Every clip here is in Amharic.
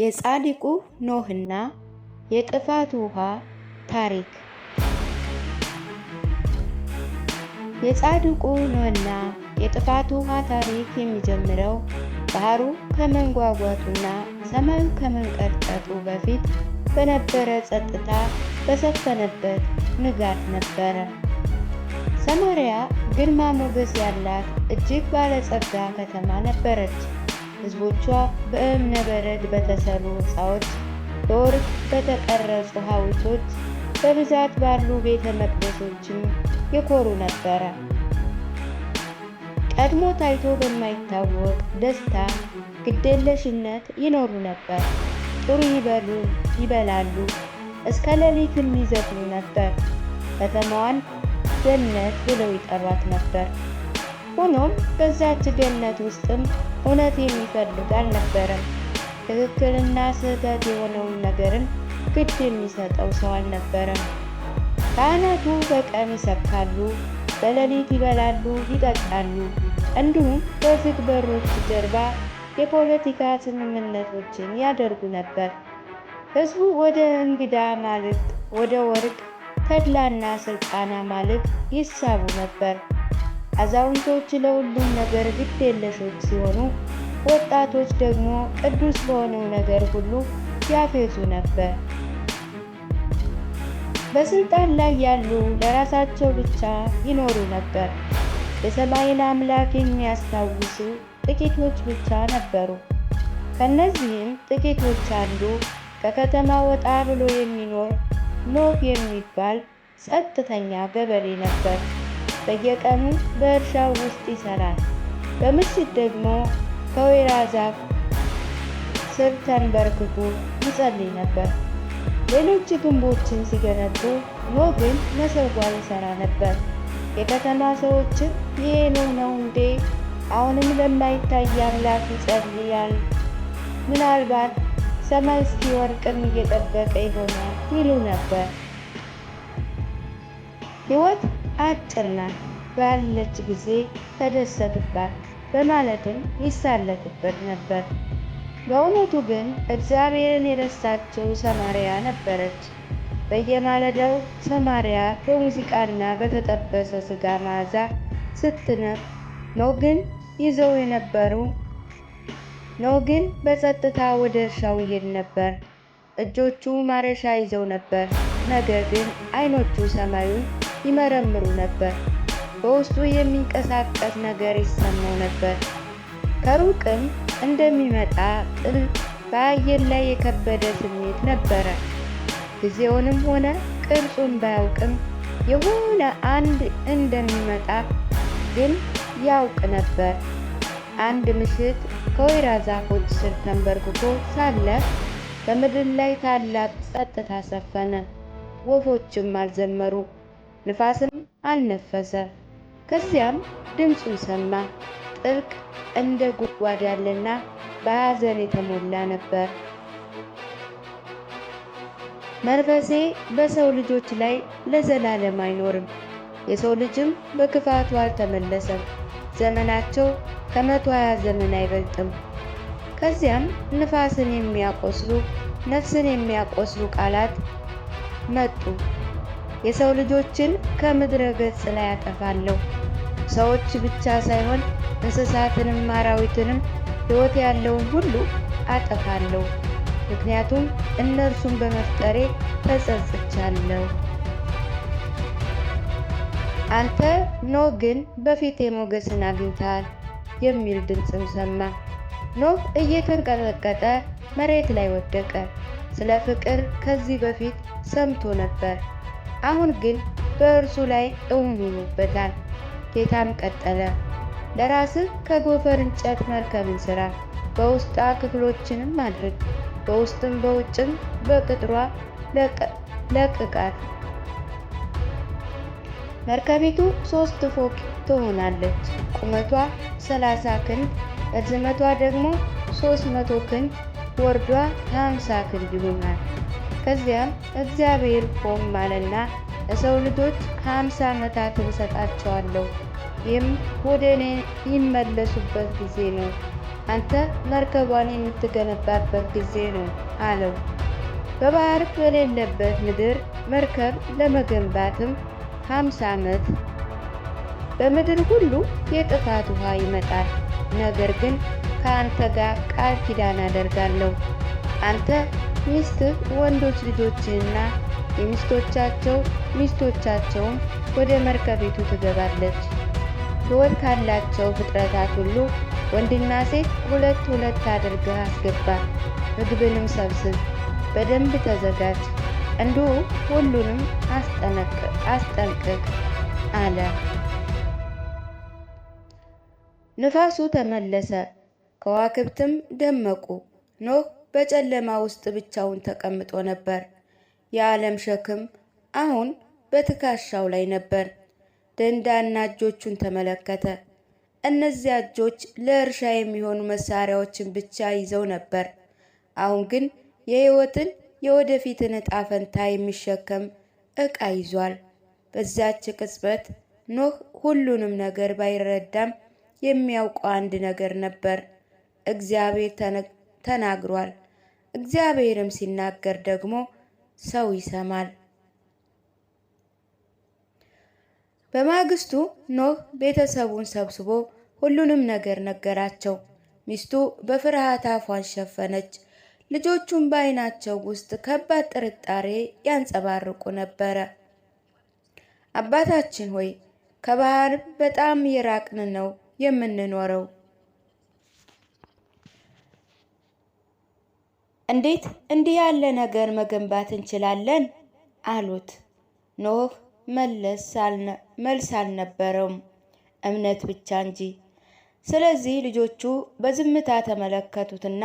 የጻድቁ ኖህና የጥፋት ውሃ ታሪክ የጻድቁ ኖህና የጥፋት ውሃ ታሪክ የሚጀምረው ባህሩ ከመንጓጓቱና ሰማዩ ከመንቀርጠጡ በፊት በነበረ ጸጥታ በሰፈነበት ንጋት ነበረ። ሰማርያ ግርማ ሞገስ ያላት እጅግ ባለጸጋ ከተማ ነበረች። ህዝቦቿ በእብነ በረድ በተሰሉ ሕንፃዎች፣ በወርቅ በተቀረጹ ሐውልቶች፣ በብዛት ባሉ ቤተ መቅደሶችም የኮሩ ነበረ። ቀድሞ ታይቶ በማይታወቅ ደስታ ግዴለሽነት ይኖሩ ነበር። ጥሩ ይበሉ ይበላሉ፣ እስከ ሌሊትም ይዘፍኑ ነበር። ከተማዋን ገነት ብለው ይጠሯት ነበር። ሆኖም በዛች ገነት ውስጥም እውነት የሚፈልግ አልነበረም። ትክክልና ስህተት የሆነውን ነገርን ግድ የሚሰጠው ሰው አልነበረም። ካህናቱ በቀን ይሰብካሉ፣ በሌሊት ይበላሉ፣ ይጠጣሉ። እንዲሁም በዝግ በሮች ጀርባ የፖለቲካ ስምምነቶችን ያደርጉ ነበር። ሕዝቡ ወደ እንግዳ ማልክት፣ ወደ ወርቅ ተድላና ስልጣን አማልክት ይሳቡ ነበር። አዛውንቶች ለሁሉም ነገር ግድ የለሾች ሲሆኑ፣ ወጣቶች ደግሞ ቅዱስ በሆነው ነገር ሁሉ ያፌዙ ነበር። በስልጣን ላይ ያሉ ለራሳቸው ብቻ ይኖሩ ነበር። የሰማይን አምላክ የሚያስታውሱ ጥቂቶች ብቻ ነበሩ። ከእነዚህም ጥቂቶች አንዱ ከከተማ ወጣ ብሎ የሚኖር ኖህ የሚባል ጸጥተኛ ገበሬ ነበር። በየቀኑ በእርሻው ውስጥ ይሰራል። በምሽት ደግሞ ከወይራ ዛፍ ስር ተንበርክኮ ይጸልይ ነበር። ሌሎች ግንቦችን ሲገነቡ ኖ ግን መሰጓል ይሰራ ነበር። የከተማ ሰዎችም ይሄ ነው ነው እንዴ? አሁንም ለማይታይ አምላክ ይጸልያል። ምናልባት ሰማይ እስኪወርቅም እየጠበቀ ይሆናል ይሉ ነበር። ሕይወት አጭር ናት ባለች ጊዜ ተደሰትባት በማለትም ይሳለቅበት ነበር። በእውነቱ ግን እግዚአብሔርን የረሳችው ሰማርያ ነበረች። በየማለዳው ሰማርያ በሙዚቃና በተጠበሰ ስጋ መዓዛ ስትነፍ ነው ግን ይዘው የነበሩ ነው ግን በጸጥታ ወደ እርሻው ይሄድ ነበር። እጆቹ ማረሻ ይዘው ነበር። ነገር ግን አይኖቹ ሰማዩን ይመረምሩ ነበር። በውስጡ የሚንቀሳቀስ ነገር ይሰማው ነበር። ከሩቅም እንደሚመጣ ጥል በአየር ላይ የከበደ ስሜት ነበረ። ጊዜውንም ሆነ ቅርጹን ባያውቅም የሆነ አንድ እንደሚመጣ ግን ያውቅ ነበር። አንድ ምሽት ከወይራ ዛፎች ስር ተንበርክኮ ሳለ በምድር ላይ ታላቅ ጸጥታ ሰፈነ። ወፎችም አልዘመሩ። ንፋስም አልነፈሰ። ከዚያም ድምፁን ሰማ። ጥልቅ እንደ ጉድጓድ ያለና በሐዘን የተሞላ ነበር። መንፈሴ በሰው ልጆች ላይ ለዘላለም አይኖርም፣ የሰው ልጅም በክፋቱ አልተመለሰም። ዘመናቸው ከመቶ ሀያ ዘመን አይበልጥም። ከዚያም ንፋስን የሚያቆስሉ ነፍስን የሚያቆስሉ ቃላት መጡ። የሰው ልጆችን ከምድረ ገጽ ላይ አጠፋለሁ። ሰዎች ብቻ ሳይሆን እንስሳትንም አራዊትንም ሕይወት ያለውን ሁሉ አጠፋለሁ፣ ምክንያቱም እነርሱን በመፍጠሬ ተጸጽቻለሁ። አንተ ኖህ ግን በፊቴ ሞገስን አግኝተሃል የሚል ድምፅም ሰማ። ኖህ እየተንቀጠቀጠ መሬት ላይ ወደቀ። ስለ ፍቅር ከዚህ በፊት ሰምቶ ነበር። አሁን ግን በእርሱ ላይ እውን ሆኖበታል። ጌታም ቀጠለ፣ ለራስህ ከጎፈር እንጨት መርከብን ስራ፣ በውስጣ ክፍሎችንም አድርግ፣ በውስጥም በውጭም በቅጥሯ ለቅቃል። መርከቢቱ ሶስት ፎቅ ትሆናለች። ቁመቷ 30 ክንድ፣ ርዝመቷ ደግሞ 300 ክንድ፣ ወርዷ 50 ክንድ ይሆናል። ከዚያም እግዚአብሔር ቆም አለና ለሰው ልጆች ሀምሳ ዓመታት እሰጣቸዋለሁ፣ ይህም ወደ እኔ ይመለሱበት ጊዜ ነው። አንተ መርከቧን የምትገነባበት ጊዜ ነው አለው። በባህር በሌለበት ምድር መርከብ ለመገንባትም ሀምሳ ዓመት በምድር ሁሉ የጥፋት ውሃ ይመጣል። ነገር ግን ከአንተ ጋር ቃል ኪዳን አደርጋለሁ አንተ ሚስትህ ወንዶች ልጆችንና የሚስቶቻቸው ሚስቶቻቸውን ወደ መርከቢቱ ትገባለች። ሕይወት ካላቸው ፍጥረታት ሁሉ ወንድና ሴት ሁለት ሁለት አድርገህ አስገባ። ምግብንም ሰብስብ፣ በደንብ ተዘጋጅ፣ እንዲሁ ሁሉንም አስጠንቅቅ አለ። ንፋሱ ተመለሰ፣ ከዋክብትም ደመቁ። ኖህ በጨለማ ውስጥ ብቻውን ተቀምጦ ነበር። የዓለም ሸክም አሁን በትከሻው ላይ ነበር። ደንዳና እጆቹን ተመለከተ። እነዚያ እጆች ለእርሻ የሚሆኑ መሳሪያዎችን ብቻ ይዘው ነበር። አሁን ግን የሕይወትን የወደፊትን ዕጣ ፈንታ የሚሸከም ዕቃ ይዟል። በዚያች ቅጽበት ኖህ ሁሉንም ነገር ባይረዳም የሚያውቀው አንድ ነገር ነበር። እግዚአብሔር ተናግሯል። እግዚአብሔርም ሲናገር ደግሞ ሰው ይሰማል። በማግስቱ ኖህ ቤተሰቡን ሰብስቦ ሁሉንም ነገር ነገራቸው። ሚስቱ በፍርሃት አፏን ሸፈነች። ልጆቹም በዓይናቸው ውስጥ ከባድ ጥርጣሬ ያንጸባርቁ ነበረ። አባታችን ሆይ ከባህር በጣም የራቅን ነው የምንኖረው እንዴት እንዲህ ያለ ነገር መገንባት እንችላለን አሉት። ኖህ መልስ አልነበረውም፣ እምነት ብቻ እንጂ። ስለዚህ ልጆቹ በዝምታ ተመለከቱትና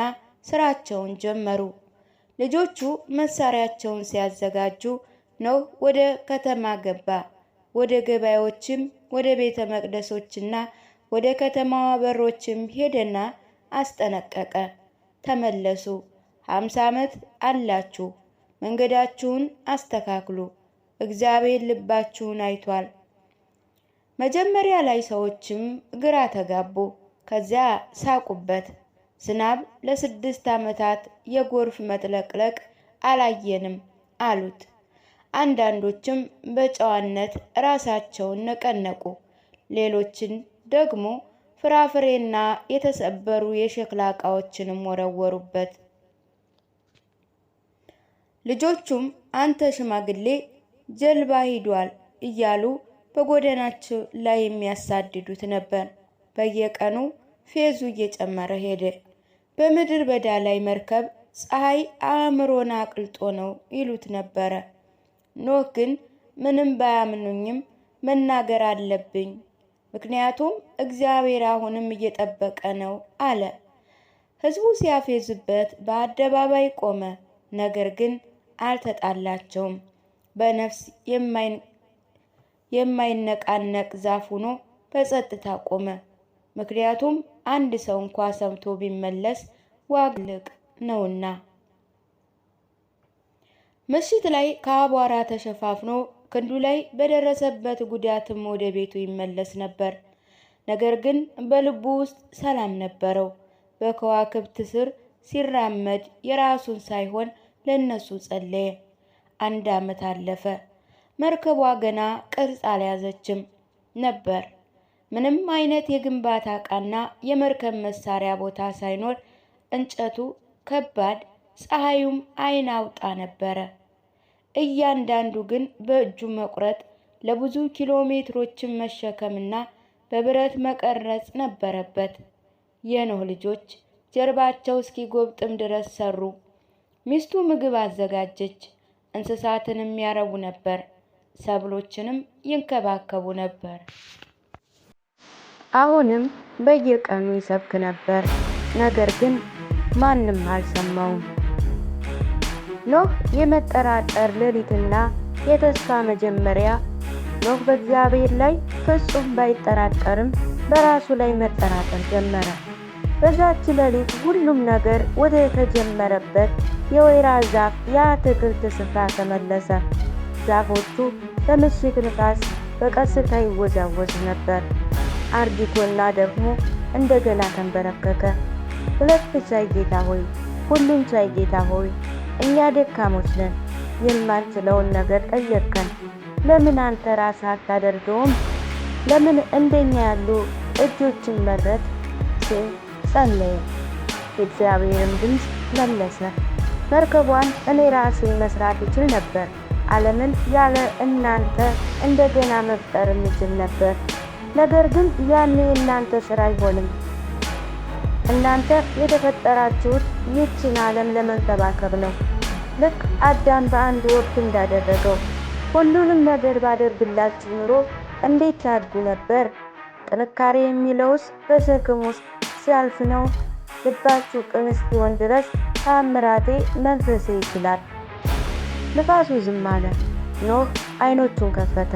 ስራቸውን ጀመሩ። ልጆቹ መሳሪያቸውን ሲያዘጋጁ ኖህ ወደ ከተማ ገባ። ወደ ገበያዎችም ወደ ቤተ መቅደሶችና ወደ ከተማዋ በሮችም ሄደና አስጠነቀቀ። ተመለሱ። አምሳ ዓመት አላችሁ፣ መንገዳችሁን አስተካክሉ፣ እግዚአብሔር ልባችሁን አይቷል። መጀመሪያ ላይ ሰዎችም ግራ ተጋቡ፣ ከዚያ ሳቁበት። ዝናብ ለስድስት ዓመታት የጎርፍ መጥለቅለቅ አላየንም አሉት። አንዳንዶችም በጨዋነት ራሳቸውን ነቀነቁ፣ ሌሎችን ደግሞ ፍራፍሬና የተሰበሩ የሸክላ ዕቃዎችንም ወረወሩበት። ልጆቹም አንተ ሽማግሌ ጀልባ ሂዷል እያሉ በጎዳናቸው ላይ የሚያሳድዱት ነበር። በየቀኑ ፌዙ እየጨመረ ሄደ። በምድር በዳ ላይ መርከብ ፀሐይ አእምሮን አቅልጦ ነው ይሉት ነበረ። ኖህ ግን ምንም ባያምኑኝም መናገር አለብኝ፣ ምክንያቱም እግዚአብሔር አሁንም እየጠበቀ ነው አለ። ሕዝቡ ሲያፌዝበት በአደባባይ ቆመ። ነገር ግን አልተጣላቸውም። በነፍስ የማይነቃነቅ ዛፍ ሆኖ በጸጥታ ቆመ። ምክንያቱም አንድ ሰው እንኳ ሰምቶ ቢመለስ ዋጋ ነውና። ምሽት ላይ ከአቧራ ተሸፋፍኖ ክንዱ ላይ በደረሰበት ጉዳትም ወደ ቤቱ ይመለስ ነበር። ነገር ግን በልቡ ውስጥ ሰላም ነበረው። በከዋክብት ስር ሲራመድ የራሱን ሳይሆን ለእነሱ ጸለየ። አንድ ዓመት አለፈ። መርከቧ ገና ቅርጽ አልያዘችም ነበር። ምንም አይነት የግንባታ ዕቃና የመርከብ መሳሪያ ቦታ ሳይኖር እንጨቱ ከባድ፣ ፀሐዩም አይን አውጣ ነበረ። እያንዳንዱ ግን በእጁ መቁረጥ፣ ለብዙ ኪሎ ሜትሮችን መሸከምና በብረት መቀረጽ ነበረበት። የኖህ ልጆች ጀርባቸው እስኪጎብጥም ድረስ ሰሩ። ሚስቱ ምግብ አዘጋጀች። እንስሳትንም ያረቡ ነበር፣ ሰብሎችንም ይንከባከቡ ነበር። አሁንም በየቀኑ ይሰብክ ነበር፣ ነገር ግን ማንም አልሰማውም። ኖህ የመጠራጠር ሌሊትና የተስፋ መጀመሪያ። ኖህ በእግዚአብሔር ላይ ፍጹም ባይጠራጠርም በራሱ ላይ መጠራጠር ጀመረ። በዛች ሌሊት ሁሉም ነገር ወደ የተጀመረበት የወይራ ዛፍ የአትክልት ስፍራ ተመለሰ። ዛፎቹ በምሽት ንፋስ በቀስታ ይወዛወዝ ነበር። አርጅቶና ደግሞ እንደገና ተንበረከከ። ሁለት ቻይ ጌታ ሆይ፣ ሁሉም ቻይ ጌታ ሆይ፣ እኛ ደካሞች ነን፣ የማንችለውን ነገር ጠየቅከን። ለምን አንተ ራስ አታደርገውም? ለምን እንደኛ ያሉ እጆችን መረት ሲል ጸለየ። የእግዚአብሔርም ድምፅ መለሰ፣ መርከቧን እኔ ራሴ መስራት ይችል ነበር፣ ዓለምን ያለ እናንተ እንደገና መፍጠር እችል ነበር። ነገር ግን ያኔ እናንተ ስራ አይሆንም። እናንተ የተፈጠራችሁት ይህችን ዓለም ለመንከባከብ ነው፣ ልክ አዳም በአንድ ወቅት እንዳደረገው። ሁሉንም ነገር ባደርግላችሁ ኑሮ እንዴት ታድጉ ነበር? ጥንካሬ የሚለውስ በሸክም ውስጥ ሲያልፍ ነው ልባችሁ ቅን እስኪሆን ድረስ ተአምራቴ መንፈሴ ይችላል። ንፋሱ ዝም አለ። ኖህ አይኖቹን ከፈተ።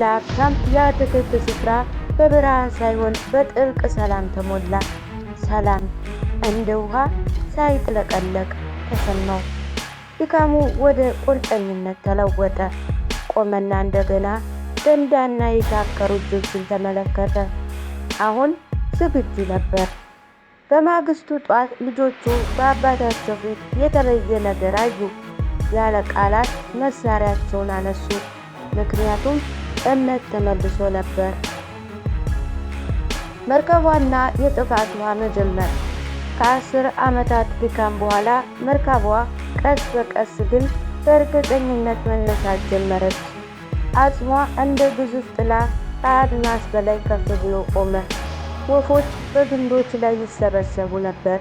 ለአብታም የአትክልት ስፍራ በብርሃን ሳይሆን በጥልቅ ሰላም ተሞላ። ሰላም እንደ ውሃ ሳይጥለቀለቅ ተሰማው። ድካሙ ወደ ቁርጠኝነት ተለወጠ። ቆመና እንደገና ደንዳና የታከሩ እጆችን ተመለከተ። አሁን ዝግጁ ነበር። በማግስቱ ጧት ልጆቹ በአባታቸው ፊት የተለየ ነገር አዩ። ያለ ቃላት መሳሪያቸውን አነሱ፣ ምክንያቱም እምነት ተመልሶ ነበር። መርከቧና የጥፋት ውሃ መጀመር ከአስር ዓመታት ድካም በኋላ መርከቧ ቀስ በቀስ ግን በእርግጠኝነት መነሳት ጀመረች። አጽሟ እንደ ግዙፍ ጥላ ከአድማስ በላይ ከፍ ብሎ ቆመ። ወፎች በግንዶች ላይ ይሰበሰቡ ነበር።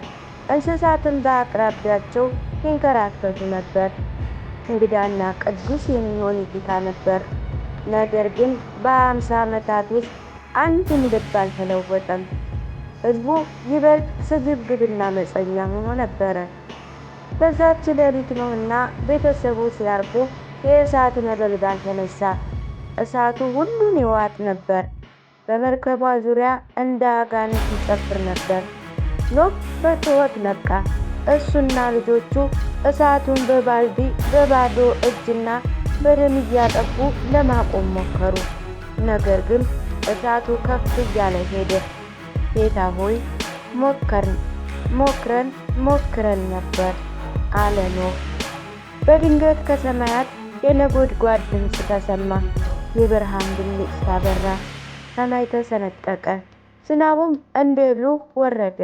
እንስሳትም በአቅራቢያቸው ይንከራተቱ ነበር። እንግዳና ቅዱስ የሚሆን ጌታ ነበር። ነገር ግን በአምሳ ዓመታት ውስጥ አንድም ልብ አልተለወጠም። ህዝቡ ይበልጥ ስግብግብና መጸኛ ሆኖ ነበረ። በዛች ሌሊት ነውና ቤተሰቡ ሲያርፉ የእሳት ነበልባል ተነሳ። እሳቱ ሁሉን ይዋጥ ነበር። በመርከቧ ዙሪያ እንደ አጋንንት ይጨፍር ነበር። ኖህ በትወት ነቃ። እሱና ልጆቹ እሳቱን በባልዲ በባዶ እጅና በደም እያጠፉ ለማቆም ሞከሩ። ነገር ግን እሳቱ ከፍ እያለ ሄደ። ጌታ ሆይ ሞክረን ሞክረን ነበር አለ ኖህ። በድንገት ከሰማያት የነጎድጓድ ድምፅ ተሰማ። የብርሃን ብልጭታ በራ። ሰማይ ተሰነጠቀ። ዝናቡም እንደ ወረደ።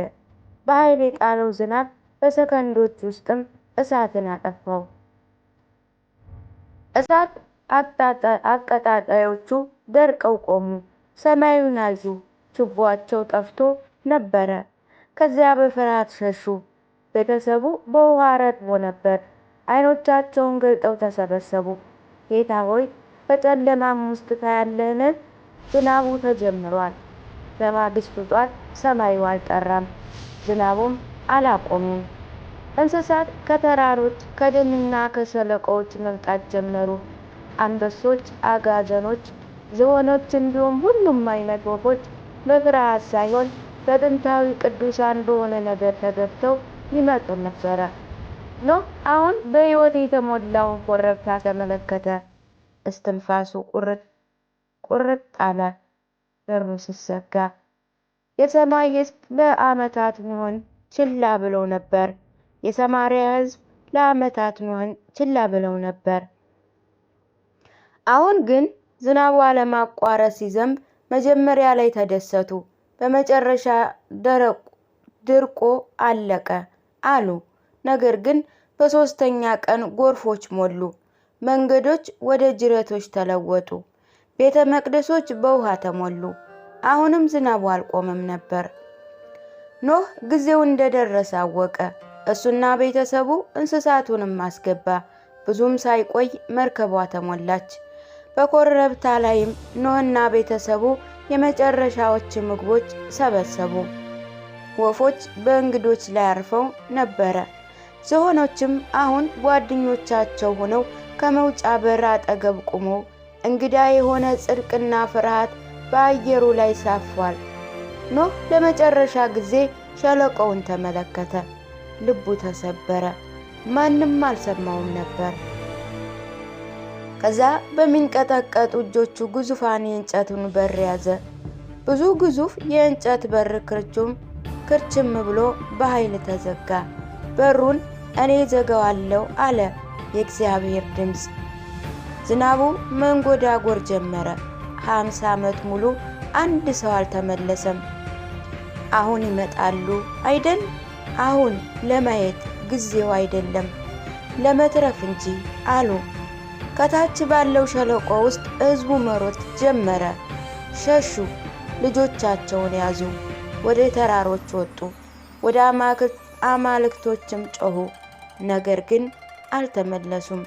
በኃይል የጣለው ዝናብ በሰከንዶች ውስጥም እሳትን አጠፋው። እሳት አቀጣጣዮቹ ደርቀው ቆሙ። ሰማዩን አዩ። ችቦአቸው ጠፍቶ ነበረ። ከዚያ በፍርሃት ሸሹ። ቤተሰቡ በውሃ ረድሞ ነበር። አይኖቻቸውን ገልጠው ተሰበሰቡ። ጌታ ሆይ በጨለማም ውስጥ ታያለህን? ዝናቡ ተጀምሯል። በማግስቱ ጧት ሰማዩ አልጠራም፣ ዝናቡም አላቆምም። እንስሳት ከተራሮች ከደንና ከሸለቆዎች መምጣት ጀመሩ። አንበሶች፣ አጋዘኖች፣ ዝሆኖች እንዲሁም ሁሉም አይነት ወፎች በፍርሃት ሳይሆን በጥንታዊ ቅዱሳን በሆነ ነገር ተገብተው ይመጡ ነበረ። ኖህ አሁን በሕይወት የተሞላውን ኮረብታ ተመለከተ። እስትንፋሱ ቁርጥ ቁርጥ አለ። በሩ ሲዘጋ የሰማይ ሕዝብ ለአመታት ኖኅን ችላ ብለው ነበር። የሰማሪያ ህዝብ ለአመታት ኖኅን ችላ ብለው ነበር። አሁን ግን ዝናቡ አለማቋረጥ ሲዘንብ መጀመሪያ ላይ ተደሰቱ፣ በመጨረሻ ድርቆ አለቀ አሉ። ነገር ግን በሶስተኛ ቀን ጎርፎች ሞሉ፣ መንገዶች ወደ ጅረቶች ተለወጡ። ቤተ መቅደሶች በውሃ ተሞሉ። አሁንም ዝናቡ አልቆመም ነበር። ኖህ ጊዜው እንደደረሰ አወቀ። እሱና ቤተሰቡ እንስሳቱንም አስገባ። ብዙም ሳይቆይ መርከቧ ተሞላች። በኮረብታ ላይም ኖህና ቤተሰቡ የመጨረሻዎች ምግቦች ሰበሰቡ። ወፎች በእንግዶች ላይ አርፈው ነበረ። ዝሆኖችም አሁን ጓደኞቻቸው ሆነው ከመውጫ በር አጠገብ ቆመው እንግዳ የሆነ ጽድቅና ፍርሃት በአየሩ ላይ ሳፏል። ኖህ ለመጨረሻ ጊዜ ሸለቆውን ተመለከተ። ልቡ ተሰበረ። ማንም አልሰማውም ነበር። ከዛ በሚንቀጠቀጡ እጆቹ ግዙፋን የእንጨቱን በር ያዘ። ብዙ ግዙፍ የእንጨት በር ክርችም ክርችም ብሎ በኃይል ተዘጋ። በሩን እኔ ዘገዋለሁ አለ የእግዚአብሔር ድምፅ። ዝናቡ መንጎዳጎር ጀመረ። ሀምሳ ዓመት ሙሉ አንድ ሰው አልተመለሰም። አሁን ይመጣሉ አይደል? አሁን ለማየት ጊዜው አይደለም ለመትረፍ እንጂ አሉ። ከታች ባለው ሸለቆ ውስጥ ሕዝቡ መሮት ጀመረ። ሸሹ፣ ልጆቻቸውን ያዙ፣ ወደ ተራሮች ወጡ፣ ወደ አማልክቶችም ጮኹ። ነገር ግን አልተመለሱም።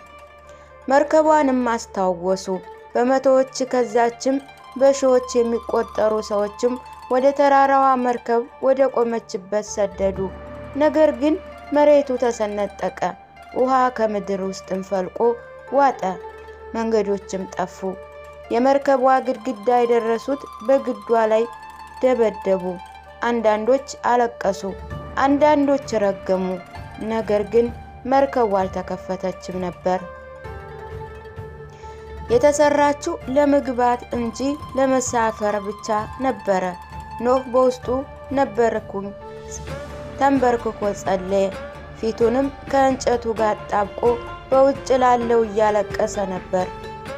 መርከቧንም አስታወሱ። በመቶዎች ከዛችም በሺዎች የሚቆጠሩ ሰዎችም ወደ ተራራዋ መርከብ ወደ ቆመችበት ሰደዱ። ነገር ግን መሬቱ ተሰነጠቀ፣ ውሃ ከምድር ውስጥም ፈልቆ ዋጠ፣ መንገዶችም ጠፉ። የመርከቧ ግድግዳ የደረሱት በግዷ ላይ ደበደቡ። አንዳንዶች አለቀሱ፣ አንዳንዶች ረገሙ። ነገር ግን መርከቧ አልተከፈተችም ነበር። የተሰራችው ለመግባት እንጂ ለመሳፈር ብቻ ነበረ። ኖህ በውስጡ ነበርኩኝ ተንበርክኮ ጸለየ። ፊቱንም ከእንጨቱ ጋር ጣብቆ በውጭ ላለው እያለቀሰ ነበር።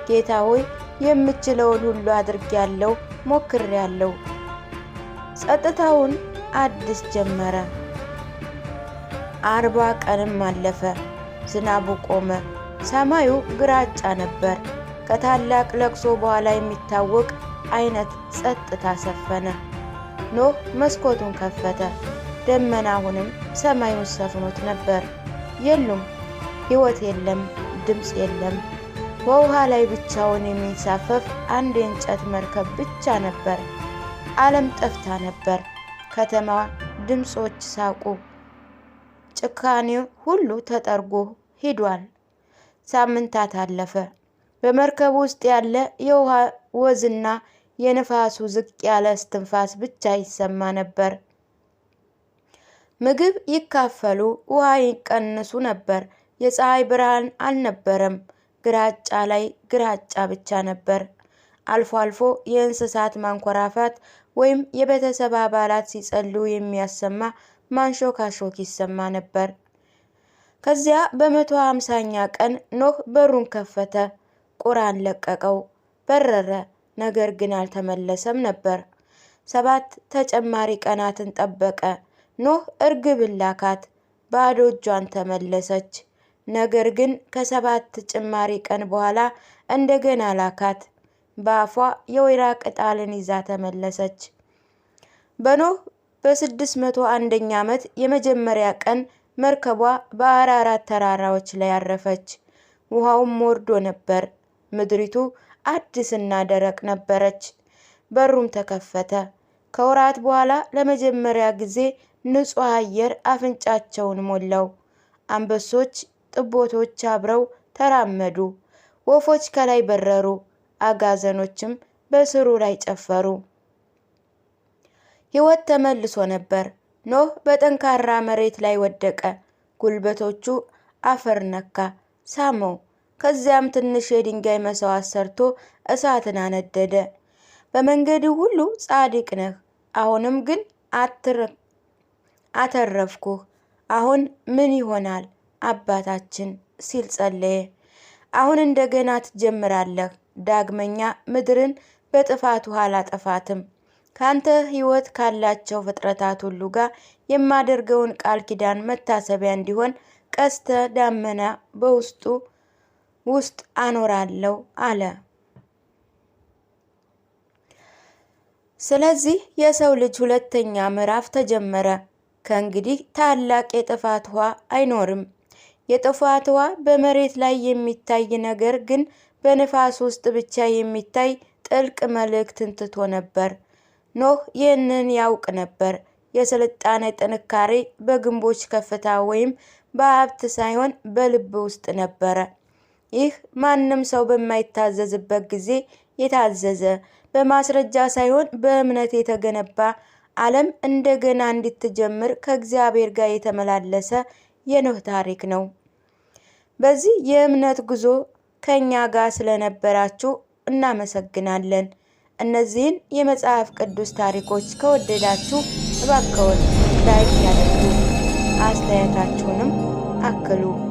ጌታ ሆይ የምችለውን ሁሉ አድርጌያለሁ፣ ሞክሬያለሁ። ጸጥታውን አዲስ ጀመረ። አርባ ቀንም አለፈ። ዝናቡ ቆመ። ሰማዩ ግራጫ ነበር። ከታላቅ ለቅሶ በኋላ የሚታወቅ አይነት ጸጥታ ሰፈነ። ኖህ መስኮቱን ከፈተ። ደመና አሁንም ሰማዩን ሰፍኖት ነበር። የሉም፣ ሕይወት የለም፣ ድምፅ የለም። በውሃ ላይ ብቻውን የሚንሳፈፍ አንድ የእንጨት መርከብ ብቻ ነበር። ዓለም ጠፍታ ነበር። ከተማ ድምፆች ሳቁ። ጭካኔው ሁሉ ተጠርጎ ሂዷል። ሳምንታት አለፈ። በመርከብ ውስጥ ያለ የውሃ ወዝና የንፋሱ ዝቅ ያለ እስትንፋስ ብቻ ይሰማ ነበር። ምግብ ይካፈሉ፣ ውሃ ይቀንሱ ነበር። የፀሐይ ብርሃን አልነበረም። ግራጫ ላይ ግራጫ ብቻ ነበር። አልፎ አልፎ የእንስሳት ማንኮራፋት ወይም የቤተሰብ አባላት ሲጸልዩ የሚያሰማ ማንሾካሾክ ይሰማ ነበር። ከዚያ በመቶ ሃምሳኛ ቀን ኖህ በሩን ከፈተ። ቁራን ለቀቀው፣ በረረ፣ ነገር ግን አልተመለሰም ነበር። ሰባት ተጨማሪ ቀናትን ጠበቀ። ኖህ እርግብ ላካት፣ ባዶ እጇን ተመለሰች። ነገር ግን ከሰባት ጭማሪ ቀን በኋላ እንደገና ላካት። በአፏ የወይራ ቅጠልን ይዛ ተመለሰች። በኖህ በስድስት መቶ አንደኛ ዓመት የመጀመሪያ ቀን መርከቧ በአራራት ተራራዎች ላይ አረፈች። ውሃውም ወርዶ ነበር። ምድሪቱ አዲስና ደረቅ ነበረች። በሩም ተከፈተ። ከወራት በኋላ ለመጀመሪያ ጊዜ ንጹህ አየር አፍንጫቸውን ሞላው። አንበሶች፣ ጥቦቶች አብረው ተራመዱ። ወፎች ከላይ በረሩ። አጋዘኖችም በስሩ ላይ ጨፈሩ። ሕይወት ተመልሶ ነበር። ኖህ በጠንካራ መሬት ላይ ወደቀ። ጉልበቶቹ አፈር ነካ፣ ሳመው። ከዚያም ትንሽ የድንጋይ መሥዋዕት ሰርቶ እሳትን አነደደ። በመንገድ ሁሉ ጻድቅ ነህ፣ አሁንም ግን አተረፍኩህ። አሁን ምን ይሆናል አባታችን? ሲል ጸለየ። አሁን እንደገና ትጀምራለህ። ዳግመኛ ምድርን በጥፋት ውሃ አላጠፋትም። ካንተ ሕይወት ካላቸው ፍጥረታት ሁሉ ጋር የማደርገውን ቃል ኪዳን መታሰቢያ እንዲሆን ቀስተ ደመና በውስጡ ውስጥ አኖራለሁ አለ። ስለዚህ የሰው ልጅ ሁለተኛ ምዕራፍ ተጀመረ። ከእንግዲህ ታላቅ የጥፋት ውሃ አይኖርም። የጥፋት ውሃ በመሬት ላይ የሚታይ ነገር ግን በንፋስ ውስጥ ብቻ የሚታይ ጥልቅ መልእክትን ትቶ ነበር። ኖህ ይህንን ያውቅ ነበር። የስልጣኔ ጥንካሬ በግንቦች ከፍታ ወይም በሀብት ሳይሆን በልብ ውስጥ ነበረ። ይህ ማንም ሰው በማይታዘዝበት ጊዜ የታዘዘ በማስረጃ ሳይሆን በእምነት የተገነባ ዓለም እንደገና እንድትጀምር ከእግዚአብሔር ጋር የተመላለሰ የኖህ ታሪክ ነው። በዚህ የእምነት ጉዞ ከእኛ ጋር ስለነበራችሁ እናመሰግናለን። እነዚህን የመጽሐፍ ቅዱስ ታሪኮች ከወደዳችሁ እባክዎን ላይክ ያደርጉ፣ አስተያየታችሁንም አክሉ።